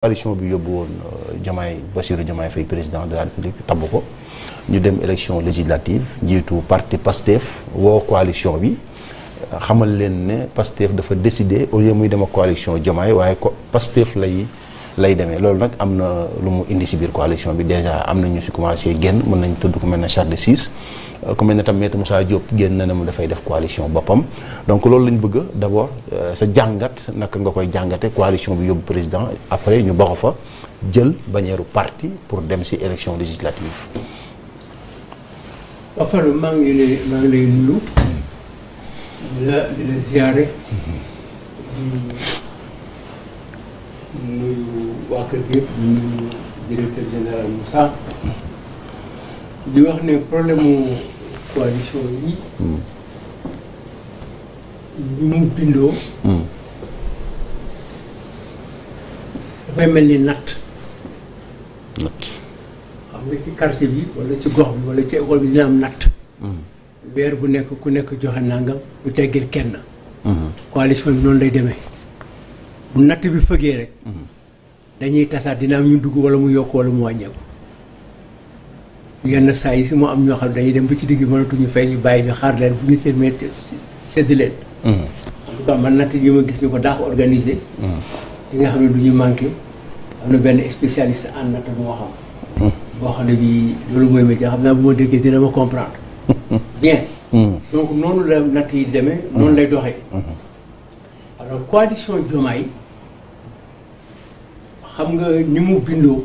coalition bi yóbbu woon euh, Diomaye Bassirou jamaay fay président de la République tabb ko ñu dem élection législative njiitu parti PASTEF wo coalition bi xamal leen ne PASTEF dafa décider au lieu muy dem ak coalition jamaay waye ko PASTEF lay lay démé lool nak amna na lu mu indi ci biir coalition bi déjà amna ñu si commencé génn mën nañ tudd ko mel ne Charles de Ciss Euh, ku mel ne tam Maître Moussa Diop génn na ne mu dafay def coalition boppam donc loolu lañ bëgg d' abord euh, sa jàngat naka nga koy jàngate coalition bi yóbbu président après ñu baxo fa jël bannière parti pour dem ci élection législative. waaw Fallou maa kër gi nuyu directeur général Moussa. li wax ne problème mu coalition mu bindoo. Hmm. dafay mel ni natt. natt. xam nga ci quartier bi walla ci gox bi wala ci école bi dina am natt. Hmm. weer bu nekk ku nekk joxe nangam mu teggil kenn. Hmm. coalition bi noonu lay demee bu natt bi fëggee rek. dañuy tasaat dina am ñu dugg wala mu yokk wala mu wàññeeku. yenn saa yi si moo am ñoo xam dañuy dem ba ci digg mënatuñu fay ñu bàyyi ñu xaar leen bu ñu seen mën sedd leen. Mm. en tout cas man natt yi ma gis ko daax organisé. Mm. nga xam ne du manqué am na benn spécialiste en natt bu xam. Mm. boo xam ne bii loolu mooy métier xam naa bu ma déggee dina ma comprendre. bien. donc noonu la natt yi demee. noonu lay doxee. Mm-hmm. alors coalition Diomaye xam nga ni mu bindoo.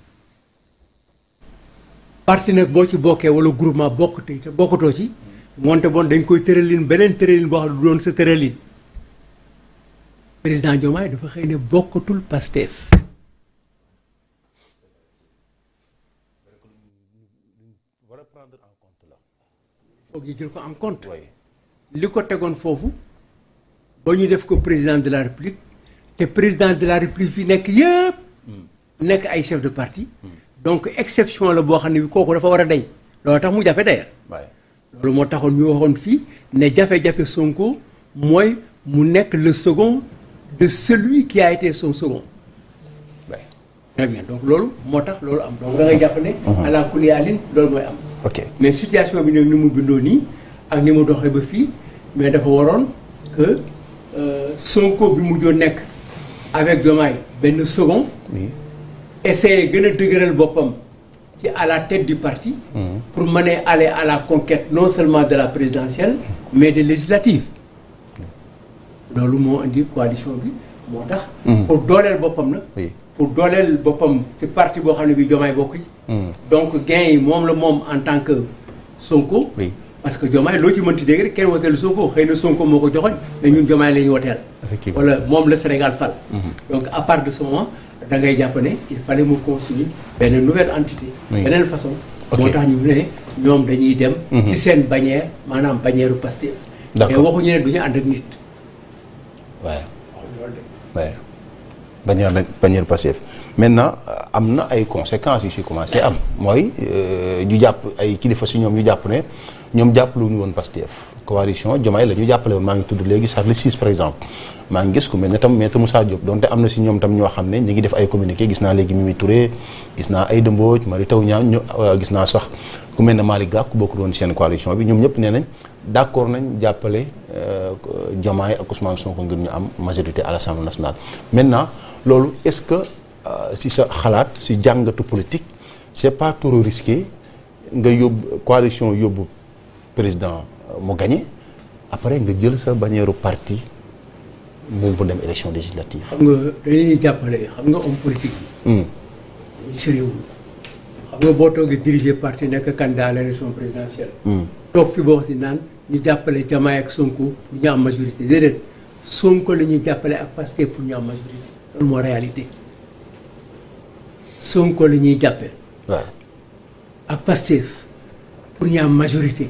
parti nag boo ci bokkee wala groupement bokk té bokkatoo ci monté bon dañ koy tëralin benen tëralin bo xal ne doon sa tëralin président Diomaye dafa xëy ne bokkatul Pastef foog ñu jël ko en compte li ko tegoon foofu ba ñu def ko président de la république te président de la république fi nekk yëpp hmm. nekk ay chef de parti hmm donc exception la boo xam bi kooku dafa war a dañ loolu tax mu ñu Sonko le second de celui qui a été son second très bien donc loolu moo tax am donc da ngay jàpp ne mhm. alin am mais situation bi mu ak ba mais dafa waroon que euh, Sonko bi avec second essayer c'est à la tête du parti. Hmm. pour mener aller à la conquête non seulement de la présidentielle mais des législatives le monde le coalition bi hmm. pour donner le la. pour le c'est parti pour le bopam. donc gain mom le mom en tant que Sonko parce que Diomaye loo ci mënti dégg rek kenn woteel Sonko xëy na Sonko moo ko joxoon ne ñun Diomaye la ñu woteel wala moom la Sénégal fal mhm. donc à part de ce moment da ngay jàpp ne il fallait mu construire benn nouvelle entité beneen façon moo tax ñu ne ñoom dañuy dem mhm. ci seen bannière maanaam bannière Pastef mais waxuñu ne duñu ànd ak nit waaw loolu bannière la bannière Pastef maintenant am na ay conséquences yu si commencé am mooy euh, ñu jàpp ay kilifa si ñoom ñu jàpp ne ñom jàppale ñu won Pastef coalition jomay la ñu jàppale woon ngi tudd légui sax le 6 par exemple maa ngi gis ku mel tam maître Moussa Diop donte amna ci ñom tam ño xamné ñi ngi def ay communiqué gis naa léegi Mimi Touré gis naa ay dëmbooj Mary Teuw Niane euh, gis naa sax ku melni ne Malick Gakou bokk doon seen coalition bi ñom ñep nee nañ d'accord nañ jàppale jomay euh, ak Ousmane Sonko ngir ñu am majorité à l'Assemblée nationale maintenant lolu est-ce que euh, si sa xalaat si jangatu politique c'est pas trop risqué nga yob coalition yóbbu président euh, mo gagné après nga jël sa bannière parti pour bu élection législative. xam nga dañuy xam nga homme politique hmm. sérieux xam nga boo diriger parti nek candidat à l'élection présidentielle. Hmm. fi bo si ñu ak Sonko pour majorité déedéet Sonko ak pour majorité réalité ak pour majorité.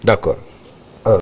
d' accord